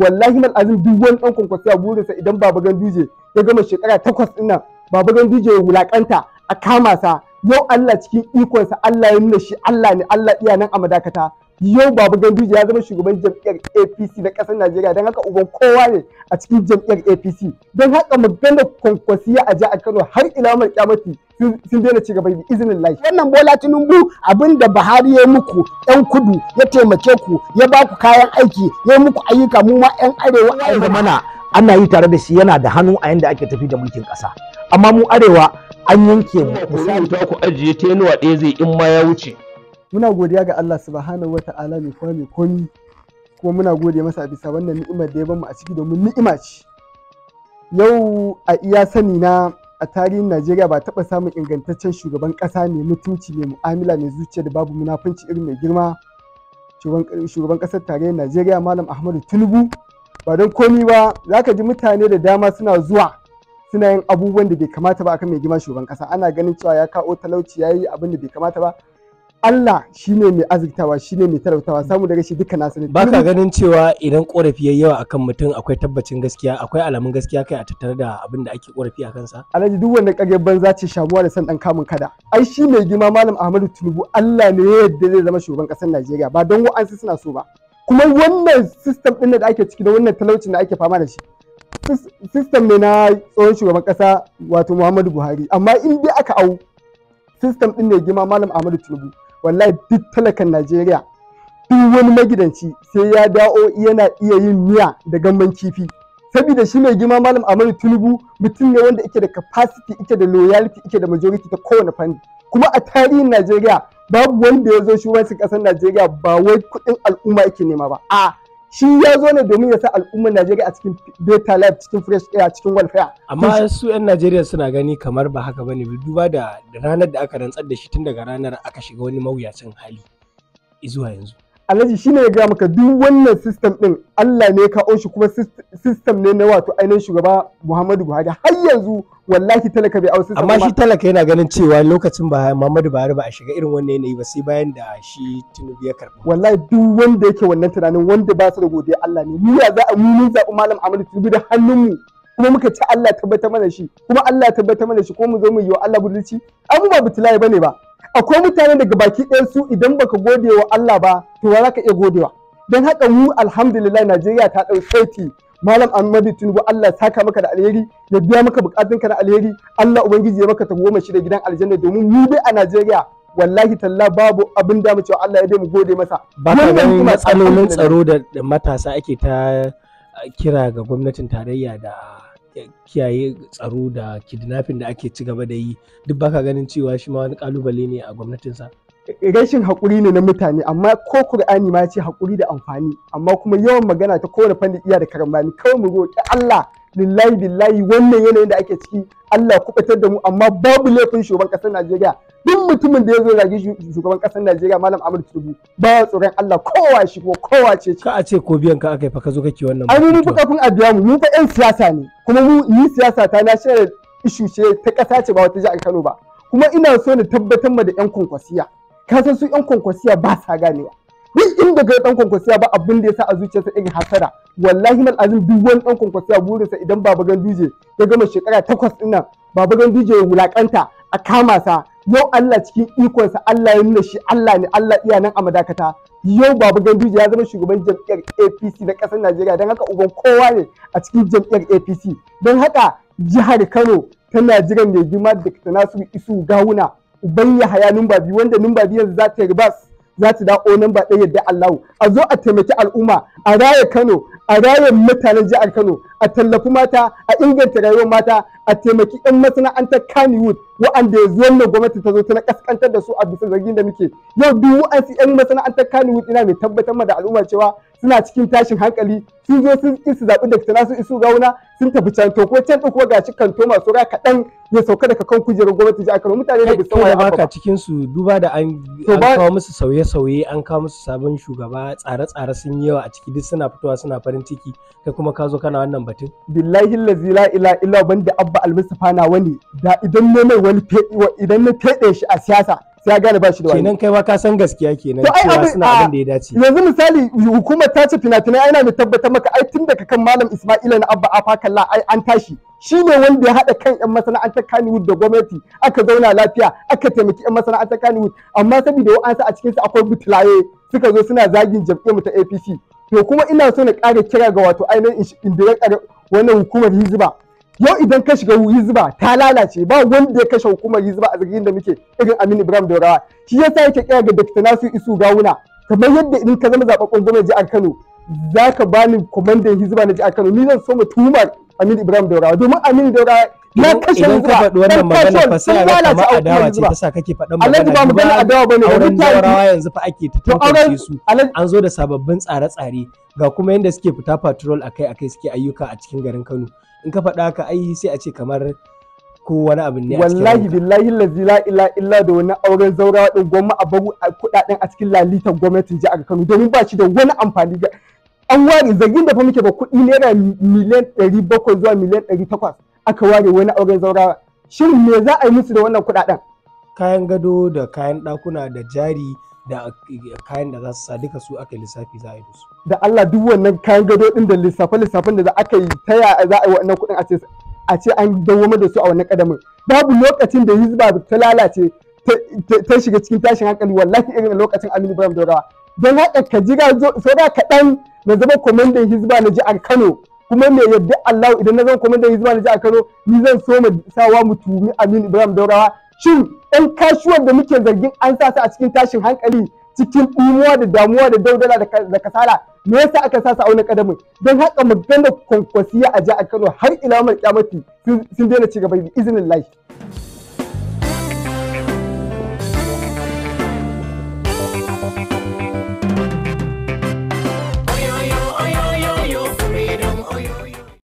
wallahi mal azim duk wani dan kwankwasiya sa idan baba ganduje ya gama shekara takwas ɗin baba ganduje ya wulakanta a kama sa yau Allah cikin ikonsa Allah ya nuna shi Allah ne Allah iya nan a madakata yau babu ganduje ya zama shugaban jam'iyyar apc na ƙasar najeriya don haka uban kowa ne a cikin jam'iyyar apc don haka magana kwankwasiya a a kano har ila mai kyamati sun daina ci gaba izinin laifi. wannan bola tinubu abin da buhari ya muku yan kudu ya taimake ku ya ba ku kayan aiki ya yi muku ayyuka mu ma yan arewa a mana ana yi tare da shi yana da hannu a yanda ake tafi da mulkin ƙasa amma mu arewa an yanke mu misali ta ku ajiye ta yanuwa ɗaya zai in ma ya wuce muna godiya ga Allah subhanahu wa ta'ala mai kuma mai komi kuma muna gode masa bisa wannan ni'imar da ya bamu a ciki domin ni'ima ce yau a iya sani na a tarihin Najeriya ba taɓa samun ingantaccen shugaban ƙasa mai mutunci mai mu'amala mai zuciya da babu munafunci irin mai girma shugaban ƙasar tarayyar Najeriya Malam Ahmadu Tinubu ba don komi ba za ka ji mutane da dama suna zuwa suna yin abubuwan da bai kamata ba akan mai girma shugaban ƙasa ana ganin cewa ya kawo talauci ya yi abin da bai kamata ba Allah shine mai shi shine mai talautawa samu da shi duka nasu ne baka ganin cewa idan korafi yayi yawa akan mutum akwai tabbacin gaskiya akwai alamun gaskiya kai a tattare da abin da ake korafi a kansa alhaji duk wanda kage banza ce shamuwa da san dan kamun kada ai shi mai gima malam Ahmadu Tinubu Allah ne yadda zai zama shugaban kasar Najeriya ba don wa'ansu suna so ba kuma wannan system din da ake ciki da wannan talaucin da ake fama da shi system ne na tsohon shugaban kasa wato Muhammadu Buhari amma in dai aka au system din ne gima malam Ahmadu Tinubu wallahi duk talakan najeriya duk wani magidanci sai ya dawo yana iya yin miya da gamban kifi saboda shi mai girma malam amadu tinubu mutum ne wanda yake da capacity yake da loyalty yake da majority ta kowane fanni kuma a tarihin najeriya babu wanda ya zo shugabancin kasar najeriya ba wai kuɗin al'umma yake nema ba A'a. shi ya zo ne domin ya sa al'ummar Najeriya a cikin beta life cikin fresh air cikin welfare. Amma su 'yan Najeriya suna gani kamar ba haka bane duba da ranar da aka rantsar da shi tun daga ranar aka shiga wani mawuyacin hali zuwa yanzu. alhaji shi ne ya gaya maka duk wannan system din. Allah ne ya kawo shi kuma system ne na wato ainihin shugaba Muhammadu Buhari har yanzu wallahi talaka bai au sistem amma shi talaka yana ganin cewa lokacin ba Muhammadu Buhari ba a shiga irin wannan yanayi ba sai bayan da shi Tinubu ya karba. wallahi duk wanda yake wannan tunanin wanda ba su da godiya Allah ne mu ya za a mu mun zaɓi Malam Ahmadu Tinubu da hannunmu kuma muka ci Allah tabbatar mana shi kuma Allah tabbatar mana shi kuma mu zo mu yi wa Allah budurci ba bitilai bane ba akwai mutane daga baki ɗayan su idan baka gode wa Allah ba to wa zaka iya godewa don haka mu alhamdulillah Najeriya ta dau saiti Malam Ahmadu Tinubu Allah saka maka da alheri ya biya maka bukatunka na alheri Allah ubangiji ya maka ta goma shi da gidan aljanna domin mu dai a Najeriya wallahi talla babu abin da mu cewa Allah ya dai mu gode masa ba ka gani matsalolin tsaro da matasa ake ta kira ga gwamnatin tarayya da kiyaye tsaro da kidnapping da ake ci gaba da yi duk baka ganin cewa shi ma wani kalubale ne a gwamnatinsa rashin haƙuri ne na mutane amma ko Kur'ani ma ce haƙuri da amfani amma kuma yawan magana ta kowane fanni iya da karambani kawai mu roƙi Allah lillahi billahi wannan yanayin da ake ciki Allah kubatar da mu amma babu laifin shugaban ƙasar Najeriya duk mutumin da ya zo zagi shugaban ƙasar Najeriya Malam Ahmad Tinubu ba tsoron Allah kowa shi ko kowa ce ka a ce ko biyan ka akai fa ka zo kake wannan ai mu kafin a biya mu mu fa 'yan siyasa ne kuma mu ni siyasa ta na shirya ishu ce ta ƙasa ce ba wata jihar Kano ba kuma ina so na tabbatar ma da ƴan kunkwasiya kasan su yan kwankwasiya ba sa ganewa duk inda ga dan kwankwasiya ba abin da sa a zuciyarsa irin hasara wallahi mal azim duk wani dan kwankwasiya burinsa idan baba ganduje ya gama shekara takwas din nan baba ganduje ya wulakanta a kama sa yau Allah cikin ikonsa Allah ya nuna shi Allah ne Allah iya nan a madakata yau baba ganduje ya zama shugaban jam'iyyar APC na ƙasar Najeriya don haka uban kowa ne a cikin jam'iyyar APC don haka jihar Kano tana jiran mai girma da Nasiru Isu Gawuna uban Yahaya numba biyu wanda numba biyu yanzu za ta yi bas, za ta dawo numba ɗaya yadda Allahu a zo a taimaki al'umma a raya Kano a raya mutanen jihar Kano a tallafi mata a inganta rayuwar mata a taimaki 'yan masana'antar Kannywood wa'anda yanzu wannan gwamnati ta zo tana kaskantar da su a bisa zargin da muke yau duk wa'ansu 'yan masana'antar Kannywood ina mai tabbatar ma da al'umma cewa suna cikin tashin hankali sun zo sun ki su zaɓi da fitina sun isu gauna sun tafi can to ko can ko gashi kanto masu ra kaɗan ya sauka daga kan kujerar gwamnati ji aka mutane da bisan wani haka cikin su duba da an kawo musu sauye-sauye an kawo musu sabon shugaba tsare-tsare sun yi yawa a ciki duk suna fitowa suna farin ciki kai kuma ka zo kana wannan batun billahi lazi la ila illa banda abba almustafa na wani da idan ne mai wani idan na fede shi a siyasa ya gane ba shi da wani kenan kai ma ka san gaskiya kenan cewa suna abin da ya dace yanzu misali hukumar ta ce fina-finai ai na mu tabbatar maka ai tun daga kan malam Isma'ila na Abba kalla ai an tashi shi ne wanda ya haɗa kan 'yan masana'antar Kannywood da gwamnati aka zauna lafiya aka taimaki 'yan masana'antar Kannywood amma saboda wa'ansa a cikinsa akwai butulaye suka zo suna zagin jam'iyyar ta APC to kuma ina so na ƙara kira ga wato ainihin indirar wannan hukumar Hizba yau idan ka shiga hizba ta lalace ba wanda ya kashe hukumar hizba a zagin da muke irin Aminu Ibrahim Daurawa shi yasa yake kira ga Dr. Nasir Isu Gawuna kamar yadda in ka zama zababben gwamnati jihar Kano za ka bani kwamandan hizba na jihar Kano ni zan so mu tumar Aminu Ibrahim Daurawa domin Aminu kashe ka faɗi wannan magana fa sai ga kamar adawa ce ta sa kake faɗan magana Allah ba magana adawa bane yanzu fa ake ta tantance su an zo da sababbin tsare-tsare ga kuma yadda suke fita patrol akai-akai suke ayyuka a cikin garin Kano in ka faɗa ka ai sai a ce kamar ko wani abin ne wallahi billahi lazi la ila illa da wani auren zaurawa din gwamma a baru a kudaden a cikin lalitan gwamnatin jihar Kano domin ba shi da wani amfani ga an ware zagin da fa muke ba kuɗi naira miliyan ɗari bakwai zuwa miliyan ɗari takwas aka ware wani auren zaurawa shin me za a yi musu da wannan kuɗaɗen? kayan gado da kayan ɗakuna da jari da kayan da za su sa duka su aka lissafi za a yi da su. Da Allah duk wannan kayan gado ɗin da lissafe-lissafen da za aka yi ta ya za a yi wannan kuɗin a ce a ce an dawoma da su a wannan kadamin. Babu lokacin da hizba ta lalace ta shiga cikin tashin hankali wallahi irin lokacin Aminu Ibrahim Daurawa. Don haka ka jira saura kaɗan na zama kwamandan hizba na ji a Kano. kuma mai yadda Allahu idan na zama kwamandan hizba na ji a Kano ni zan so mu sawa mu tumi Aminu Ibrahim Daurawa shin ɗan kasuwar da muke zargin an sa su a cikin tashin hankali cikin ɗimuwa da damuwa da daudala da kasala me yasa aka sa su auna kadamin don haka maganar kwankwasiya a ja a Kano har ila mar kyamati sun daina ci gaba da izinin lahi